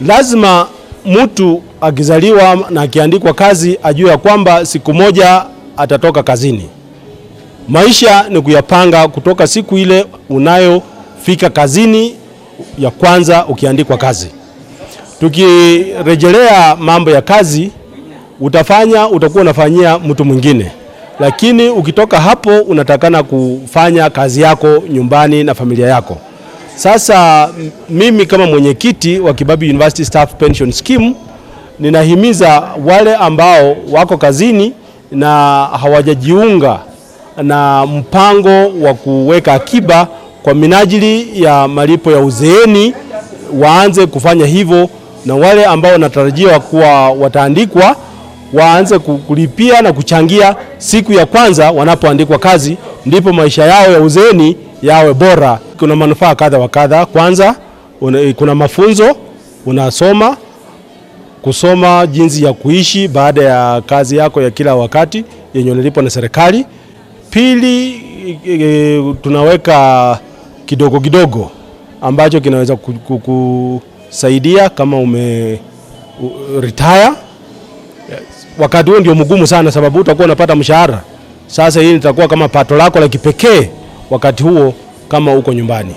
lazima mtu akizaliwa na akiandikwa kazi ajue ya kwamba siku moja atatoka kazini. Maisha ni kuyapanga kutoka siku ile unayofika kazini ya kwanza ukiandikwa kazi. Tukirejelea mambo ya kazi, utafanya utakuwa unafanyia mtu mwingine, lakini ukitoka hapo unatakana kufanya kazi yako nyumbani na familia yako. Sasa mimi kama mwenyekiti wa Kibabi University Staff Pension Scheme ninahimiza wale ambao wako kazini na hawajajiunga na mpango wa kuweka akiba kwa minajili ya malipo ya uzeeni waanze kufanya hivyo, na wale ambao wanatarajia kuwa wataandikwa waanze kulipia na kuchangia siku ya kwanza wanapoandikwa kazi, ndipo maisha yao ya uzeeni yawe bora. Kuna manufaa kadha wa kadha. Kwanza una, kuna mafunzo unasoma kusoma jinsi ya kuishi baada ya kazi yako ya kila wakati yenye unalipwa na serikali. Pili e, e tunaweka kidogo kidogo ambacho kinaweza kukusaidia kama ume u, retire. Wakati huo ndio mgumu sana, sababu utakuwa unapata mshahara. Sasa hii nitakuwa kama pato lako la kipekee wakati huo kama uko nyumbani.